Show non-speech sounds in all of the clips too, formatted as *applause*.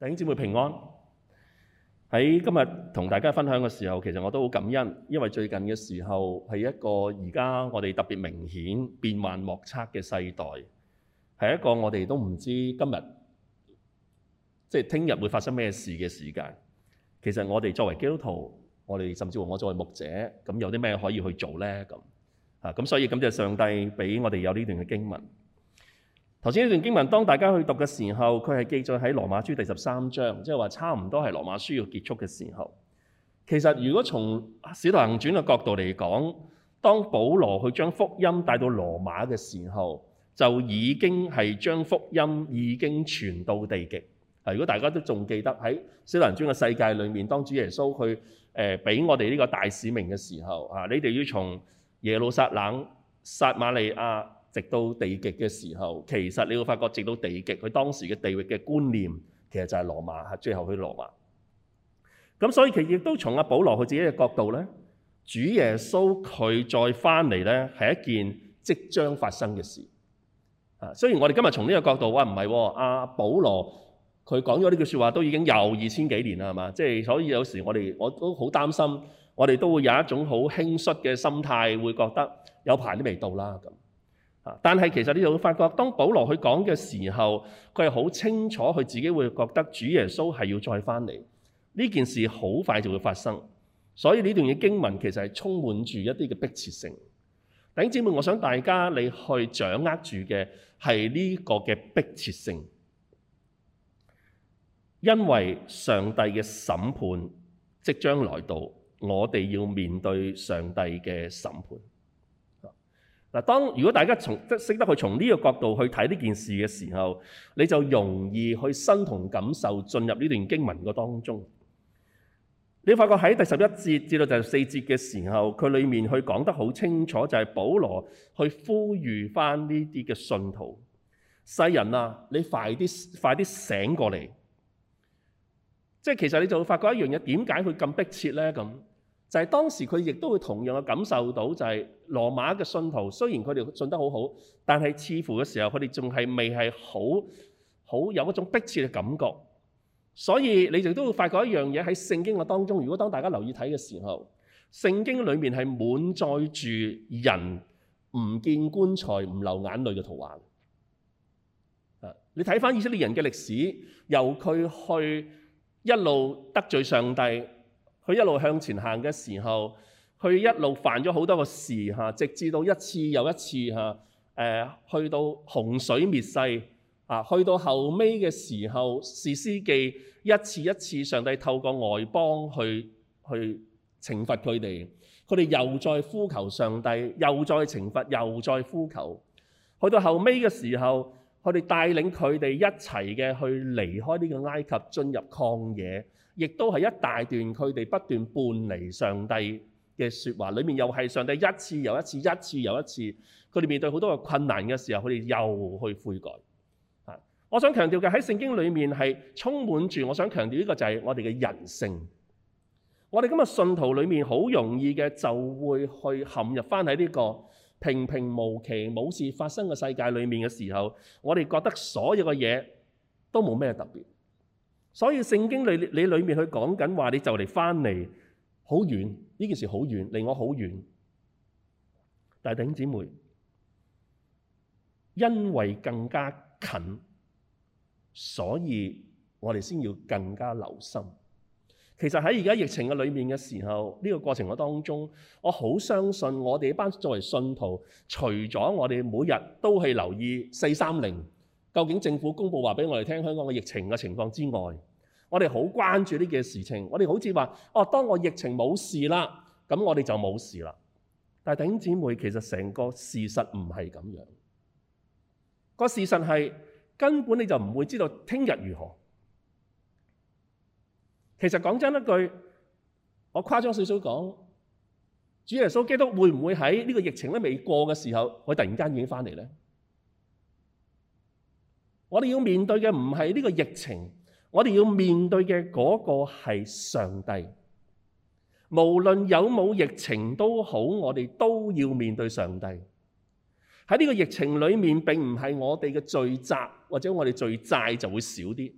弟兄姊妹平安。喺今日同大家分享嘅時候，其實我都好感恩，因為最近嘅時候係一個而家我哋特別明顯變幻莫測嘅世代，係一個我哋都唔知今日即係聽日會發生咩事嘅時間。其實我哋作為基督徒，我哋甚至乎我作為牧者，咁有啲咩可以去做呢？咁啊，咁所以感謝上帝俾我哋有呢段嘅經文。頭先一段經文，當大家去讀嘅時候，佢係記載喺羅馬書第十三章，即係話差唔多係羅馬書要結束嘅時候。其實如果從《小道行傳》嘅角度嚟講，當保羅去將福音帶到羅馬嘅時候，就已經係將福音已經傳到地極。如果大家都仲記得喺《小道行嘅世界裏面，當主耶穌去誒俾我哋呢個大使命嘅時候，啊，你哋要從耶路撒冷、撒瑪利亞，直到地極嘅時候，其實你會發覺，直到地極佢當時嘅地域嘅觀念，其實就係羅馬，係最後去羅馬。咁所以其實亦都從阿保羅佢自己嘅角度咧，主耶穌佢再翻嚟咧，係一件即將發生嘅事。啊，雖然我哋今日從呢個角度，啊唔係，阿保羅佢講咗呢句說話都已經有二千幾年啦，係嘛？即係所以有時我哋我都好擔心，我哋都會有一種好輕率嘅心態，會覺得有排都未到啦咁。但係其實你就會發覺，當保羅去講嘅時候，佢係好清楚，佢自己會覺得主耶穌係要再翻嚟，呢件事好快就會發生。所以呢段嘅經文其實係充滿住一啲嘅迫切性。弟兄姊妹，我想大家你去掌握住嘅係呢個嘅迫切性，因為上帝嘅審判即將來到，我哋要面對上帝嘅審判。當當，如果大家從識得去從呢個角度去睇呢件事嘅時候，你就容易去身同感受進入呢段經文嘅當中。你發覺喺第十一節至到第十四節嘅時候，佢裏面去講得好清楚，就係、是、保羅去呼籲返呢啲嘅信徒，世人啊，你快啲快啲醒過嚟。即其實你就會發覺一樣嘢，點解佢咁迫切呢？咁就係、是、當時佢亦都會同樣嘅感受到、就是，就係。羅馬嘅信徒雖然佢哋信得好好，但係似乎嘅時候佢哋仲係未係好好有一種迫切嘅感覺。所以你哋都會發覺一樣嘢喺聖經嘅當中，如果當大家留意睇嘅時候，聖經裡面係滿載住人唔見棺材唔流眼淚嘅圖畫。你睇翻以色列人嘅歷史，由佢去一路得罪上帝，佢一路向前行嘅時候。佢一路犯咗好多個事吓，直至到一次又一次吓、呃、去到洪水滅世、啊、去到後尾嘅時候，士師記一次一次，上帝透過外邦去去懲罰佢哋，佢哋又再呼求上帝，又再懲罰，又再呼求，去到後尾嘅時候，佢哋帶領佢哋一齊嘅去離開呢個埃及，進入曠野，亦都係一大段佢哋不斷叛離上帝。嘅說話裏面又係上帝一次又一次，一次又一次，佢哋面對好多嘅困難嘅時候，佢哋又去悔改。啊，我想強調嘅喺聖經裏面係充滿住，我想強調呢個就係我哋嘅人性。我哋今日信徒裏面好容易嘅就會去陷入翻喺呢個平平無奇冇事發生嘅世界裏面嘅時候，我哋覺得所有嘅嘢都冇咩特別。所以聖經裏你裏面去講緊話，你就嚟翻嚟好遠。呢件事好遠，離我好遠，但係弟兄姊妹，因為更加近，所以我哋先要更加留心。其實喺而家疫情嘅裏面嘅時候，呢個過程嘅當中，我好相信我哋一班作為信徒，除咗我哋每日都係留意四三零，究竟政府公布話俾我哋聽香港嘅疫情嘅情況之外。我們好關注這件事情，我們好像說、哦、當我疫情沒事了，咁我們就沒事了。但係弟兄姊妹，其實整個事實不是這樣。事實是根本你就不會知道聽日如何。其實講真一句，我誇張少少講，主耶穌基督會不會在這個疫情都未過的時候，佢突然間已經翻嚟咧？我們要面對的不是這個疫情。我哋要面對嘅嗰個係上帝，無論有冇疫情都好，我哋都要面對上帝。喺呢個疫情裏面，並唔係我哋嘅罪責或者我哋罪債就會少啲，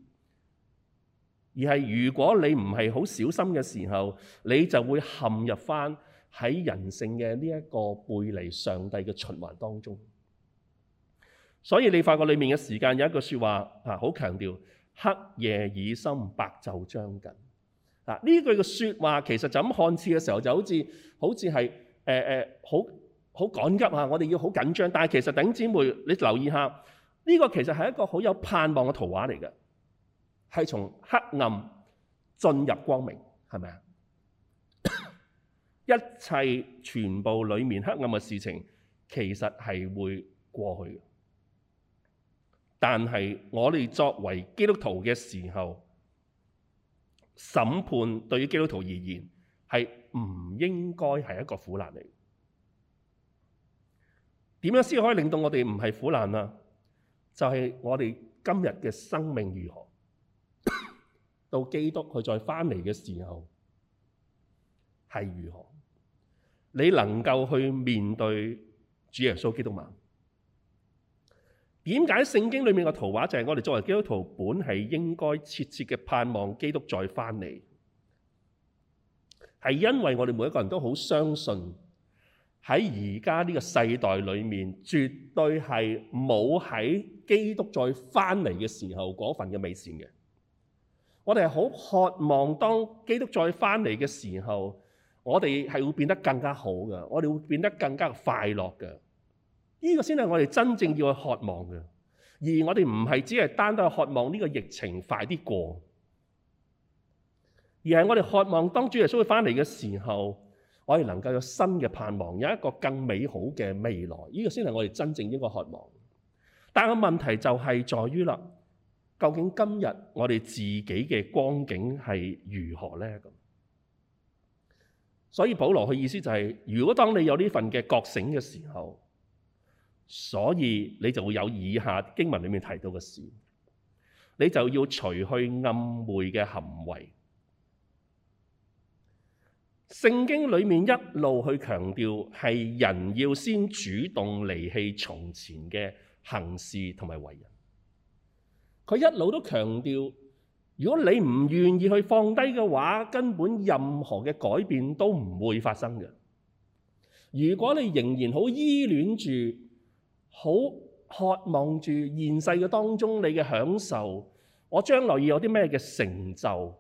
而係如果你唔係好小心嘅時候，你就會陷入翻喺人性嘅呢一個背離上帝嘅循環當中。所以你發覺裏面嘅時間有一句説話啊，好強調。黑夜已深，白晝將近。啊，呢句嘅説話其實就咁看似嘅時候，就好似好似係誒誒，好好趕、呃、急嚇，我哋要好緊張。但係其實頂姊妹，你留意下，呢、這個其實係一個好有盼望嘅圖畫嚟嘅，係從黑暗進入光明，係咪啊？一切全部裡面黑暗嘅事情，其實係會過去嘅。但係我哋作為基督徒嘅時候，審判對於基督徒而言係唔應該係一個苦難嚟。點樣先可以令到我哋唔係苦難啊？就係、是、我哋今日嘅生命如何， *coughs* 到基督佢再翻嚟嘅時候係如何，你能夠去面對主耶穌基督嗎？點解聖經裏面嘅圖畫就係我哋作為基督徒本係應該切切嘅盼望基督再翻嚟？係因為我哋每一個人都好相信喺而家呢個世代裏面，絕對係冇喺基督再翻嚟嘅時候嗰份嘅美善嘅。我哋係好渴望當基督再翻嚟嘅時候，我哋係會變得更加好㗎，我哋會變得更加快樂㗎。呢個先係我哋真正要去渴望嘅，而我哋唔係只係單單渴望呢個疫情快啲過，而係我哋渴望當主耶穌會翻嚟嘅時候，我哋能夠有新嘅盼望，有一個更美好嘅未來。呢、這個先係我哋真正應該渴望。但個問題就係在於啦，究竟今日我哋自己嘅光景係如何咧？咁，所以保羅佢意思就係、是，如果當你有呢份嘅覺醒嘅時候。所以你就會有以下經文裏面提到嘅事，你就要除去暗昧嘅行為。聖經裏面一路去強調係人要先主動離棄從前嘅行事同埋為人。佢一路都強調，如果你唔願意去放低嘅話，根本任何嘅改變都唔會發生嘅。如果你仍然好依戀住，好渴望住現世嘅當中，你嘅享受，我將來要有啲咩嘅成就？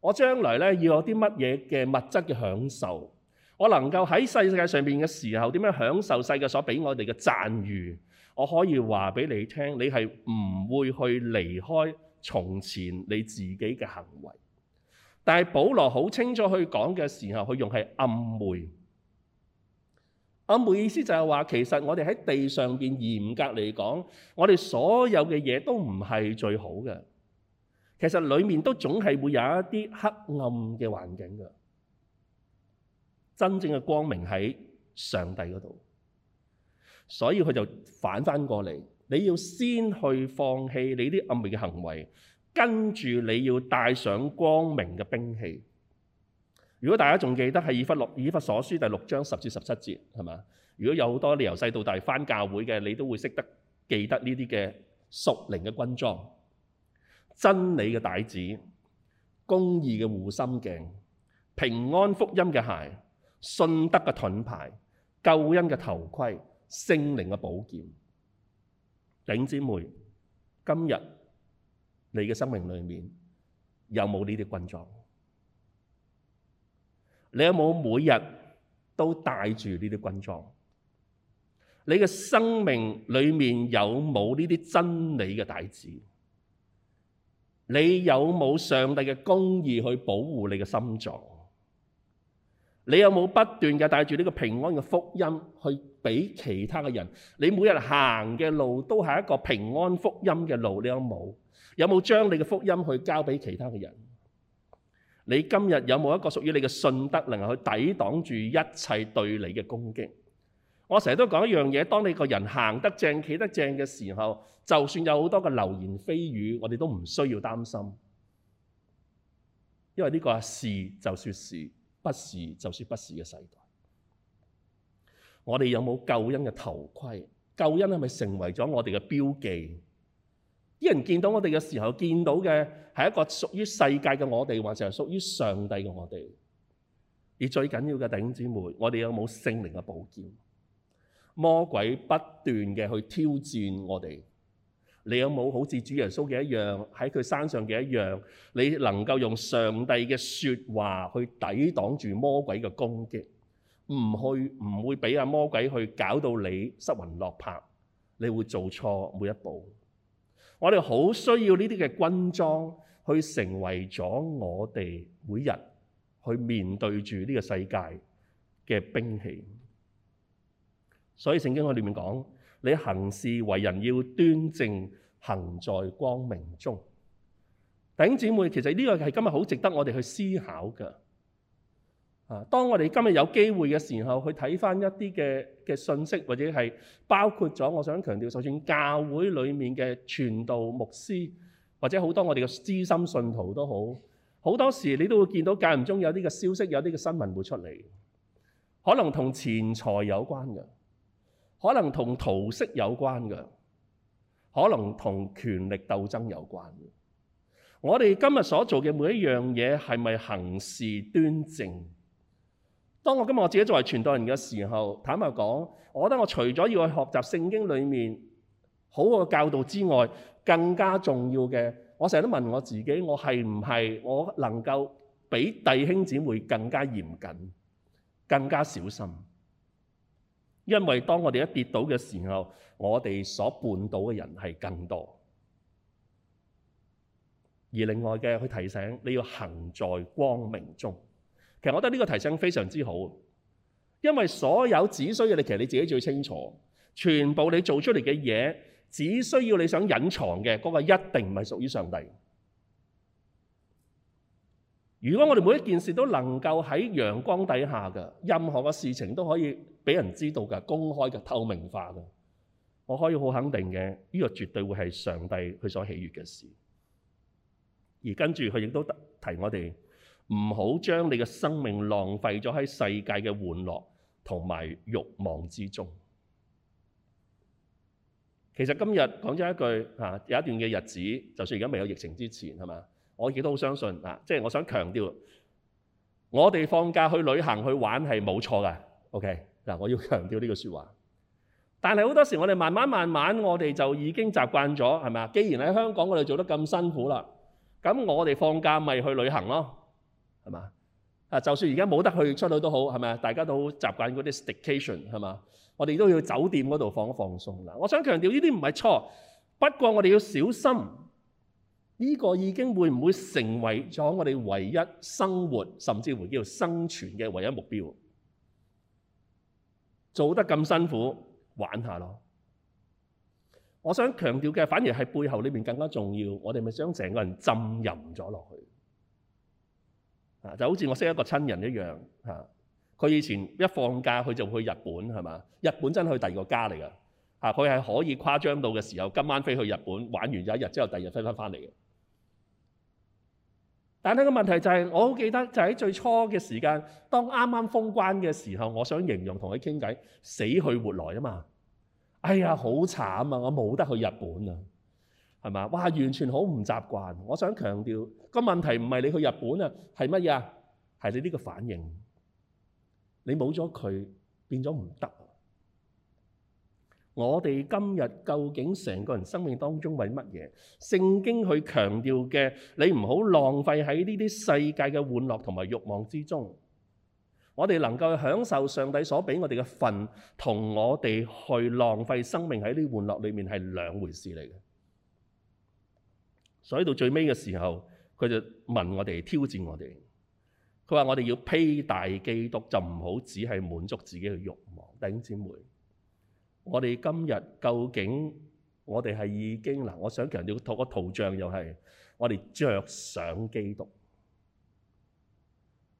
我將來咧要有啲乜嘢嘅物質嘅享受？我能夠喺世世界上邊嘅時候，點樣享受世界所俾我哋嘅讚譽？我可以話俾你聽，你係唔會去離開從前你自己嘅行為。但係保羅好清楚佢講嘅時候，佢用係暗昧。我嘅意思就係話，其實我哋喺地上面嚴格嚟講，我哋所有嘅嘢都唔係最好嘅。其實裏面都總係會有一啲黑暗嘅環境㗎。真正嘅光明喺上帝嗰度。所以佢就反返過嚟，你要先去放棄你啲暗昧嘅行為，跟住你要戴上光明嘅兵器。如果大家仲記得係以弗以弗所書第六章十至十七節係咪？如果有好多你由細到大返教會嘅，你都會識得記得呢啲嘅屬靈嘅軍裝、真理嘅帶子、公義嘅護心鏡、平安福音嘅鞋、信德嘅盾牌、救恩嘅頭盔、聖靈嘅寶劍。頂姐妹，今日你嘅生命裏面有冇呢啲軍裝？你有冇每日都戴住呢啲軍裝？你嘅生命裏面有冇呢啲真理嘅帶子？你有冇上帝嘅公義去保護你嘅心臟？你有冇不斷嘅帶住呢個平安嘅福音去俾其他嘅人？你每日行嘅路都係一個平安福音嘅路，你有冇？有冇將你嘅福音去交俾其他嘅人？你今日有冇一個屬於你嘅信德，能夠去抵擋住一切對你嘅攻擊？我成日都講一樣嘢，當你個人行得正、企得正嘅時候，就算有好多嘅流言蜚語，我哋都唔需要擔心，因為呢個「是」就算「是」，「不是」就算「不是」嘅世代。我哋有冇救恩嘅頭盔？救恩係咪成為咗我哋嘅標記？啲人見到我哋嘅時候，見到嘅係一個屬於世界嘅我哋，或者屬於上帝嘅我哋？而最緊要嘅弟兄姊妹，我哋有冇聖靈嘅寶劍？魔鬼不斷嘅去挑戰我哋，你有冇好似主耶穌嘅一樣，喺佢山上嘅一樣？你能夠用上帝嘅說話去抵擋住魔鬼嘅攻擊，唔去唔會畀阿魔鬼去搞到你失魂落魄，你會做錯每一步。我哋好需要呢啲嘅軍裝，去成為咗我哋每日去面對住呢個世界嘅兵器。所以聖經喺裏面講，你行事為人要端正，行在光明中。弟兄姐妹，其實呢個係今日好值得我哋去思考㗎。當我哋今日有機會嘅時候，去睇翻一啲嘅嘅信息，或者係包括咗，我想強調，首先教會裏面嘅傳道牧師，或者好多我哋嘅資深信徒都好，好多時你都會見到間唔中有啲嘅消息，有啲嘅新聞會出嚟，可能同錢財有關嘅，可能同圖色有關嘅，可能同權力鬥爭有關嘅。我哋今日所做嘅每一樣嘢，係咪行事端正？當我今日我自己作為傳道人嘅時候，坦白講，我覺得我除咗要去學習聖經裡面好嘅教導之外，更加重要嘅，我成日都問我自己，我係唔係我能夠比弟兄姊妹更加嚴謹、更加小心？因為當我哋一跌倒嘅時候，我哋所絆倒嘅人係更多。而另外嘅，去提醒你要行在光明中。其實我覺得呢個提醒非常之好，因為所有只需要你，其實你自己最清楚，全部你做出嚟嘅嘢，只需要你想隱藏嘅嗰個一定唔係屬於上帝。如果我哋每一件事都能夠喺陽光底下嘅，任何嘅事情都可以畀人知道嘅，公開嘅、透明化嘅。我可以好肯定嘅，呢個絕對會係上帝佢所喜悦嘅事。而跟住佢亦都提我哋。唔好將你嘅生命浪費咗喺世界嘅玩樂同埋慾望之中。其實今日講真一句啊，有一段嘅日子，就算而家未有疫情之前，係嘛？我亦都好相信啊，即係、就是、我想強調，我哋放假去旅行去玩係冇錯嘅。OK，我要強調呢句說話。但係好多時，我哋慢慢慢慢，我哋就已經習慣咗，係咪？既然喺香港我哋做得咁辛苦啦，咁我哋放假咪去旅行咯。啊，就算而家冇得去出去都好，係咪啊？大家都好習慣嗰啲 staycation，係嘛？我哋都要酒店嗰度放一放鬆啦。我想強調呢啲唔係錯，不過我哋要小心，呢個已經會唔會成為咗我哋唯一生活，甚至乎叫生存嘅唯一目標？做得咁辛苦，玩下咯。我想強調嘅，反而係背後裏面更加重要。我哋咪將成個人浸淫咗落去。啊，就好似我識一個親人一樣嚇，佢以前一放假佢就會去日本，係嘛？日本真係去第二個家嚟㗎嚇，佢係可以誇張到嘅時候，今晚飛去日本玩完咗一日之後，第二日飛翻翻嚟嘅。但係呢個問題就係，我好記得就喺最初嘅時間，當啱啱封關嘅時候，我想形容同佢傾偈，死去活來啊嘛！哎呀，好慘啊，我冇得去日本啦。係嘛？哇！完全好唔習慣。我想強調，個問題唔係你去日本啊，係乜嘢呀？係你呢個反應，你冇咗佢變咗唔得。我哋今日究竟成個人生命當中為乜嘢？聖經去強調嘅，你唔好浪費喺呢啲世界嘅玩樂同埋欲望之中。我哋能夠享受上帝所俾我哋嘅份，同我哋去浪費生命喺呢啲玩樂裏面係兩回事嚟嘅。所以到最尾嘅時候，佢就問我哋，挑戰我哋。佢話：我哋要披戴基督，就唔好只係滿足自己嘅慾望。弟兄姊妹，我哋今日究竟我哋係已經我想強調，透過圖像又係我哋着上基督。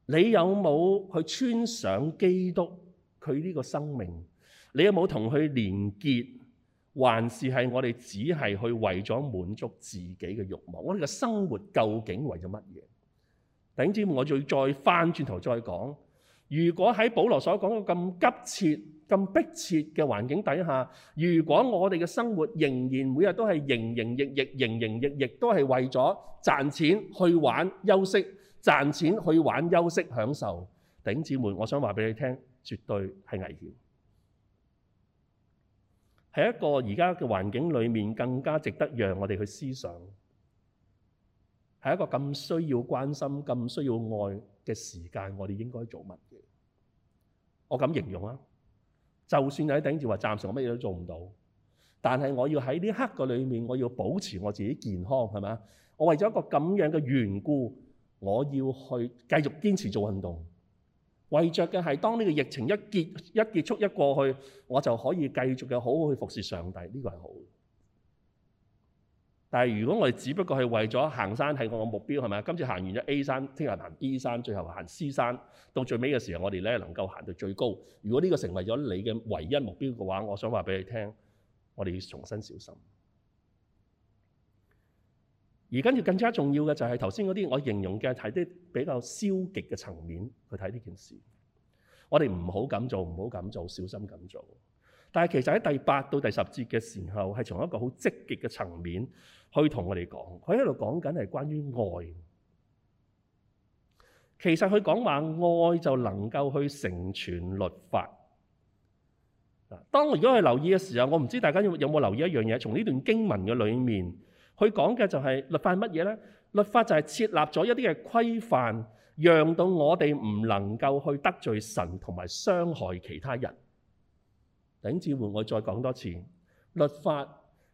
你有冇去穿上基督佢呢個生命？你有冇同佢連結？還是係我哋只係去為咗滿足自己嘅慾望？我哋嘅生活究竟為咗乜嘢？頂子們，我就要再翻轉頭再講。如果喺保羅所講嘅咁急切、咁迫切嘅環境底下，如果我哋嘅生活仍然每日都係營營役役、營營役役，都係為咗賺錢去玩、休息、賺錢去玩、休息享受，頂子們，我想話俾你聽，絕對係危險。喺一個而家嘅環境裏面，更加值得讓我哋去思想。係一個咁需要關心、咁需要愛嘅時間，我哋應該做乜嘅？我咁形容啊，就算你喺頂住話暫時我乜嘢都做唔到，但係我要喺呢刻嘅裏面，我要保持我自己健康，係咪啊？我為咗一個咁樣嘅緣故，我要去繼續堅持做運動。為着嘅係當呢個疫情一結一結束一過去，我就可以繼續嘅好好去服侍上帝，呢個係好的。但係如果我哋只不過係為咗行山，係我嘅目標，係咪？今次行完咗 A 山，聽日行 B 山，最後行 C 山，到最尾嘅時候我哋呢能夠行到最高。如果呢個成為咗你嘅唯一目標嘅話，我想話俾你聽，我哋要重新小心。而跟住更加重要嘅就係頭先嗰啲我形容嘅係啲比較消極嘅層面去睇呢件事，我哋唔好咁做，唔好咁做，小心咁做。但係其實喺第八到第十節嘅時候，係從一個好積極嘅層面去同我哋講，佢喺度講緊係關於愛。其實佢講話愛就能夠去成全律法。當我如果去留意嘅時候，我唔知道大家有冇留意一樣嘢，從呢段經文嘅裡面。佢講嘅就係律法係乜嘢呢？律法就係設立咗一啲嘅規範，讓到我哋唔能夠去得罪神同埋傷害其他人。等陣，我再講多次，律法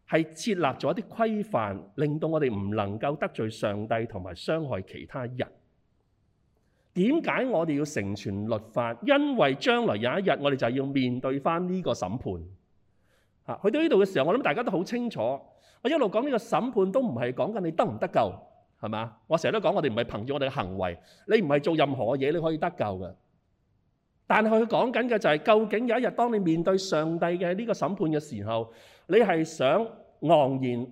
係設立咗一啲規範，令到我哋唔能夠得罪上帝同埋傷害其他人。點解我哋要成全律法？因為將來有一日，我哋就要面對返呢個審判。去到呢度嘅時候，我諗大家都好清楚。我一路講呢個審判都唔係講緊你得唔得救係嘛？我成日都講我哋唔係憑住我哋嘅行為，你唔係做任何嘢你可以得救嘅。但係佢講緊嘅就係究竟有一日當你面對上帝嘅呢個審判嘅時候，你係想昂然闊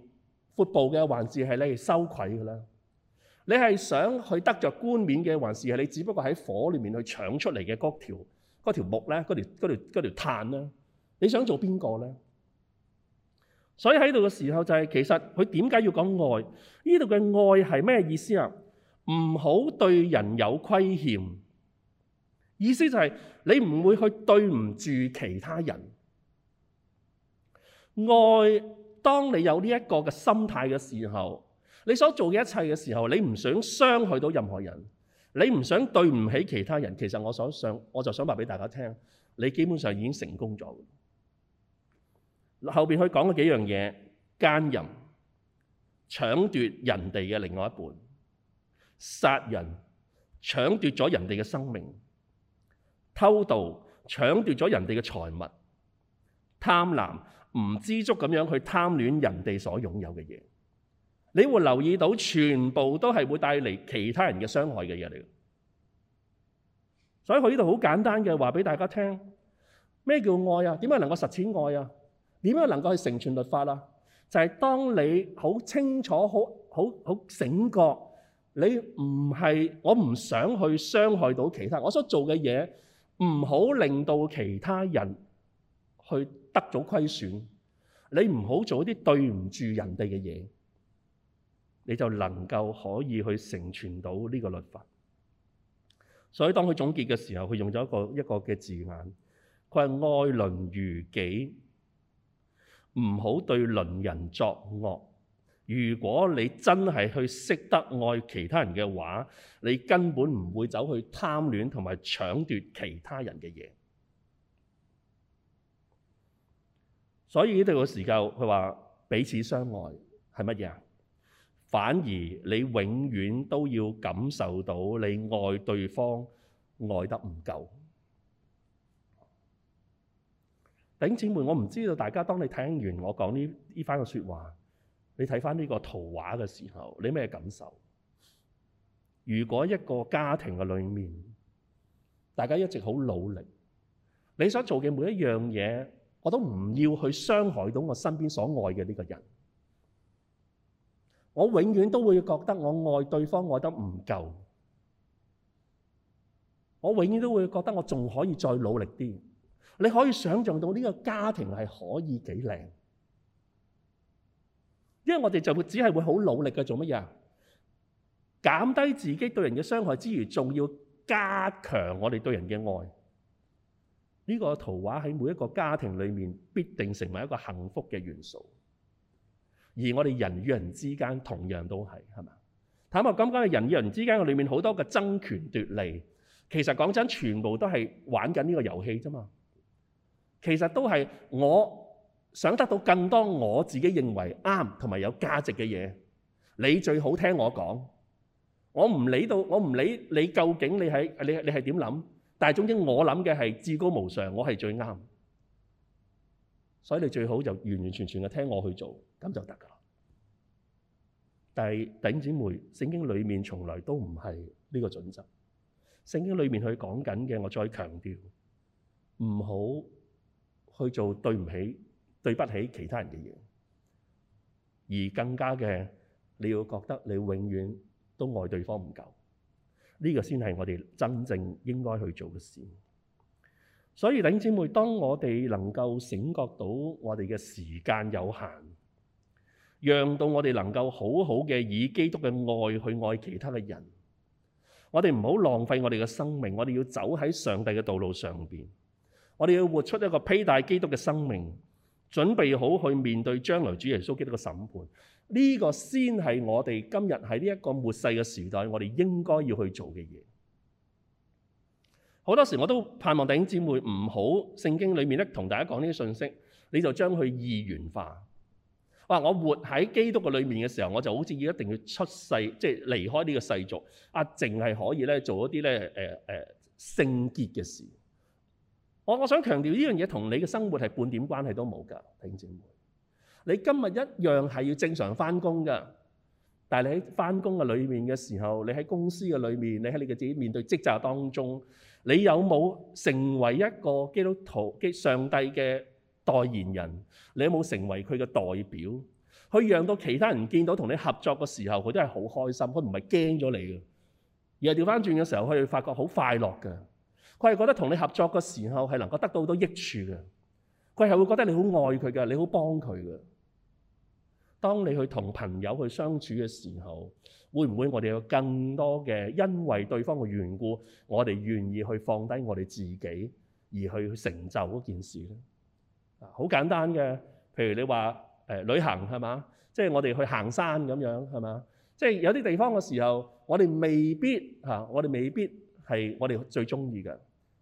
步嘅，還是係你係羞愧嘅咧？你係想去得著冠冕嘅，還是係你只不過喺火裏面去搶出嚟嘅嗰條嗰條木咧、嗰條嗰條嗰條炭咧？你想做邊個咧？所以喺度嘅時候就係其實佢點解要講愛？呢度嘅愛係咩意思啊？唔好對人有虧欠，意思就係你唔會去對唔住其他人。愛，當你有呢一個嘅心態嘅時候，你所做嘅一切嘅時候，你唔想傷害到任何人，你唔想對唔起其他人。其實我所想，我就想話俾大家聽，你基本上已經成功咗。後面佢講嘅幾樣嘢，奸淫，搶奪人哋嘅另外一半，殺人，搶奪咗人哋嘅生命，偷盜，搶奪咗人哋嘅財物，貪婪，唔知足咁樣去貪戀人哋所擁有嘅嘢。你會留意到，全部都係會帶嚟其他人嘅傷害嘅嘢嚟。所以佢呢度好簡單嘅話畀大家聽，咩叫愛啊？點樣能夠實踐愛啊？點樣能夠去成全律法啊？就係、是、當你好清楚、好好好醒覺，你唔係我唔想去傷害到其他，我所做嘅嘢唔好令到其他人去得咗虧損，你唔好做啲對唔住人哋嘅嘢，你就能夠可以去成全到呢個律法。所以當佢總結嘅時候，佢用咗一個一個嘅字眼，佢係愛人如己。唔好對鄰人作惡。如果你真係去識得愛其他人嘅話，你根本唔會走去貪戀同埋搶奪其他人嘅嘢。所以呢度嘅時候，佢話彼此相愛係乜嘢啊？反而你永遠都要感受到你愛對方愛得唔夠。弟兄姊妹，我唔知道大家當你聽完我講呢番說話，你睇返呢個圖畫嘅時候，你咩感受？如果一個家庭嘅裏面，大家一直好努力，你所做嘅每一樣嘢，我都唔要去傷害到我身邊所愛嘅呢個人，我永遠都會覺得我愛對方愛得唔夠，我永遠都會覺得我仲可以再努力啲。你可以想象到呢個家庭係可以幾靚，因為我哋就會只係會好努力嘅做乜嘢？減低自己對人嘅傷害之餘，仲要加強我哋對人嘅愛。呢個圖畫喺每一個家庭裏面必定成為一個幸福嘅元素，而我哋人與人之間同樣都係係嘛？坦白講，今日人與人之間嘅裏面好多嘅爭權奪利，其實講真，全部都係玩緊呢個遊戲啫嘛。其實都係我想得到更多我自己認為啱同埋有價值嘅嘢，你最好聽我講。我唔理到，我唔理你究竟你係你你係點諗，但係總之我諗嘅係至高無上，我係最啱，所以你最好就完完全全嘅聽我去做，咁就得㗎喇。但係弟兄姊妹，聖經裏面從來都唔係呢個準則。聖經裏面佢講緊嘅，我再強調，唔好。去做對唔起、對不起其他人嘅嘢，而更加嘅你要覺得你永遠都愛對方唔夠，呢個先係我哋真正應該去做嘅事。所以，弟兄姊妹，當我哋能夠醒覺到我哋嘅時間有限，讓到我哋能夠好好嘅以基督嘅愛去愛其他嘅人，我哋唔好浪費我哋嘅生命，我哋要走喺上帝嘅道路上面。我哋要活出一個披戴基督嘅生命，準備好去面對將來主耶穌基督嘅審判。呢個先係我哋今日喺呢一個末世嘅時代，我哋應該要去做嘅嘢。好多時我都盼望弟兄姊妹唔好聖經裏面咧同大家講呢啲信息，你就將佢二元化。哇！我活喺基督嘅裏面嘅時候，我就好似要一定要出世，即係離開呢個世俗啊，淨係可以咧做一啲咧誒誒聖潔嘅事。我我想強調呢樣嘢同你嘅生活係半點關係都冇㗎，弟兄姊妹。你今日一樣係要正常翻工㗎，但係你喺翻工嘅裏面嘅時候，你喺公司嘅裏面，你喺你嘅自己面對職責當中，你有冇成為一個基督徒、上帝嘅代言人？你有冇成為佢嘅代表？去讓到其他人見到同你合作嘅時候，佢都係好開心，佢唔係驚咗你㗎，而係調翻轉嘅時候，佢會發覺好快樂㗎。佢係覺得同你合作嘅時候係能夠得到好多益處嘅，佢係會覺得你好愛佢嘅，你好幫佢嘅。當你去同朋友去相處嘅時候，會唔會我哋有更多嘅因為對方嘅緣故，我哋願意去放低我哋自己而去成就嗰件事咧？啊，好簡單嘅，譬如你話誒、呃、旅行係嘛，即係、即係、我哋去行山咁樣係嘛，即係、即係、有啲地方嘅時候，我哋未必嚇，我哋未必。啊，我哋未必係我哋最中意嘅，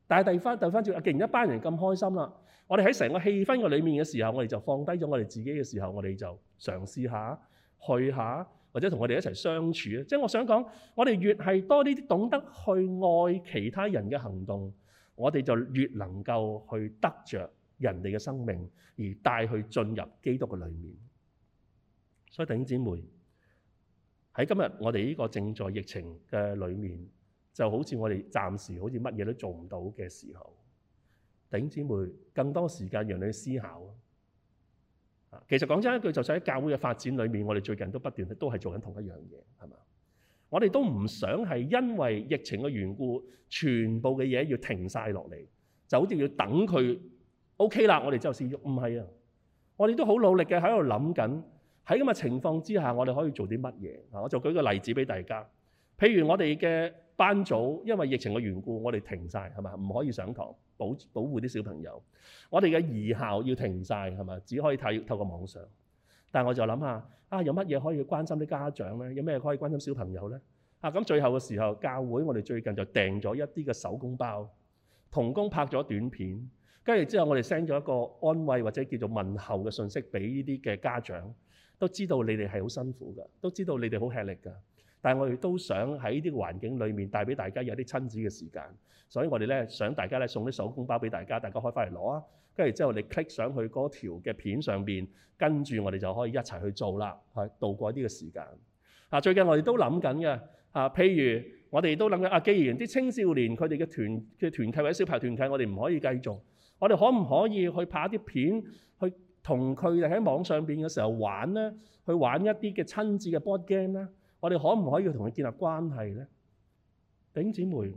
但係第翻第二翻轉，既然一班人咁開心啦，我哋喺成個氣氛嘅裡面嘅時候，我哋就放低咗我哋自己嘅時候，我哋就嘗試下去下，或者同我哋一齊相處。即係我想講，我哋越係多呢啲懂得去愛其他人嘅行動，我哋就越能夠去得着人哋嘅生命，而帶去進入基督嘅裡面。所以弟兄姊妹喺今日我哋呢個正在疫情嘅裡面。就好似我哋暫時好似乜嘢都做唔到嘅時候，頂姊妹更多時間讓你思考啊，其實講真一句，就算喺教會嘅發展裏面，我哋最近都不斷都係做緊同一樣嘢，係嘛？我哋都唔想係因為疫情嘅緣故，全部嘅嘢要停晒落嚟，就好似要等佢 OK 啦，我哋之後先喐。唔係啊，我哋都好努力嘅喺度諗緊，喺咁嘅情況之下，我哋可以做啲乜嘢啊？我就舉個例子俾大家，譬如我哋嘅。班組因為疫情嘅緣故，我哋停晒，係嘛，唔可以上堂保保護啲小朋友。我哋嘅義校要停晒，係嘛，只可以透過網上。但我就諗下啊，有乜嘢可以關心啲家長咧？有咩可以關心小朋友咧？啊咁最後嘅時候，教會我哋最近就訂咗一啲嘅手工包，同工拍咗短片，跟住之後我哋 send 咗一個安慰或者叫做問候嘅信息俾呢啲嘅家長，都知道你哋係好辛苦㗎，都知道你哋好吃力㗎。但係我哋都想喺呢啲環境裏面帶俾大家有啲親子嘅時間，所以我哋咧想大家咧送啲手工包俾大家，大家可以翻嚟攞啊，跟住之後你 click 上去嗰條嘅片上面，跟住我哋就可以一齊去做啦，係度過呢個時間。啊，最近我哋都諗緊嘅，啊譬如我哋都諗緊啊，既然啲青少年佢哋嘅團嘅團契或者小排團契我哋唔可以繼續，我哋可唔可以去拍一啲片去同佢哋喺網上面嘅時候玩咧，去玩一啲嘅親子嘅 board game 咧？我哋可唔可以要同佢建立關係咧？弟兄姊妹，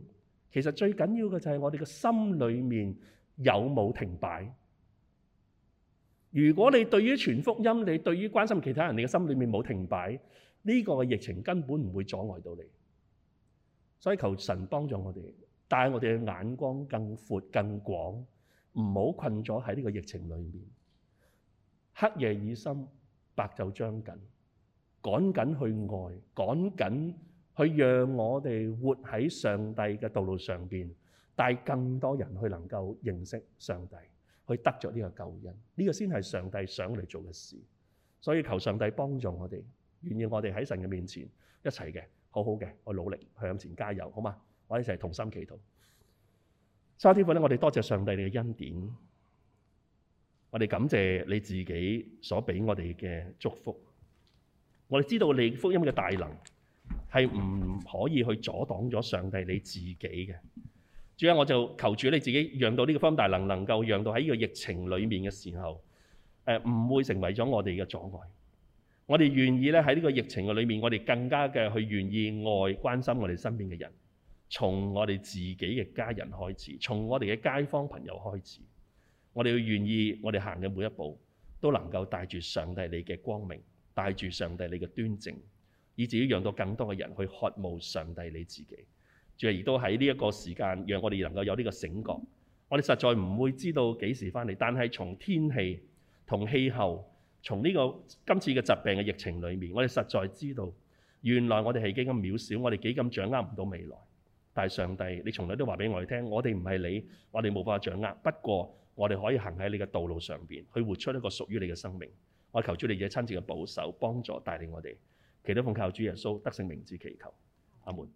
其實最緊要嘅就係我哋嘅心裏面有冇停擺。如果你對於傳福音，你對於關心其他人，你嘅心裏面冇停擺，呢個嘅疫情根本唔會阻礙到你。所以求神幫助我哋，帶我哋嘅眼光更闊、更廣，唔好困咗喺呢個疫情裏面。黑夜已深，白晝將近。趕緊去愛，趕緊去讓我哋活喺上帝嘅道路上邊，帶更多人去能夠認識上帝，去得著呢個救恩。呢個先係上帝想嚟做嘅事，所以求上帝幫助我哋，願意我哋喺神嘅面前一齊嘅，好好嘅，我努力向前加油，好嘛？我哋一齊同心祈禱。沙天父咧，我哋多謝上帝你嘅恩典，我哋感謝你自己所俾我哋嘅祝福。我哋知道你福音嘅大能係唔可以去阻擋咗上帝你自己嘅。主要，我就求主你自己讓到呢個方大能能夠讓到喺呢個疫情裏面嘅時候，誒、呃、唔會成為咗我哋嘅阻礙。我哋願意咧喺呢個疫情嘅裏面，我哋更加嘅去願意愛關心我哋身邊嘅人，從我哋自己嘅家人開始，從我哋嘅街坊朋友開始，我哋要願意，我哋行嘅每一步都能夠帶住上帝你嘅光明。帶住上帝你嘅端正，以至於讓到更多嘅人去渴慕上帝你自己。仲係而都喺呢一個時間，讓我哋能夠有呢個醒覺。我哋實在唔會知道幾時翻嚟，但係從天氣同氣候，從呢、呢個今次嘅疾病嘅疫情裡面，我哋實在知道原來我哋係幾咁渺小，我哋幾咁掌握唔到未來。但係上帝，你從來都話俾我哋聽，我哋唔係你，我哋冇辦法掌握。不過我哋可以行喺你嘅道路上邊，去活出一個屬於你嘅生命。我求主你嘅親自的保守、幫助、帶領我哋，祈禱奉靠主耶穌、得勝名字祈求，阿門。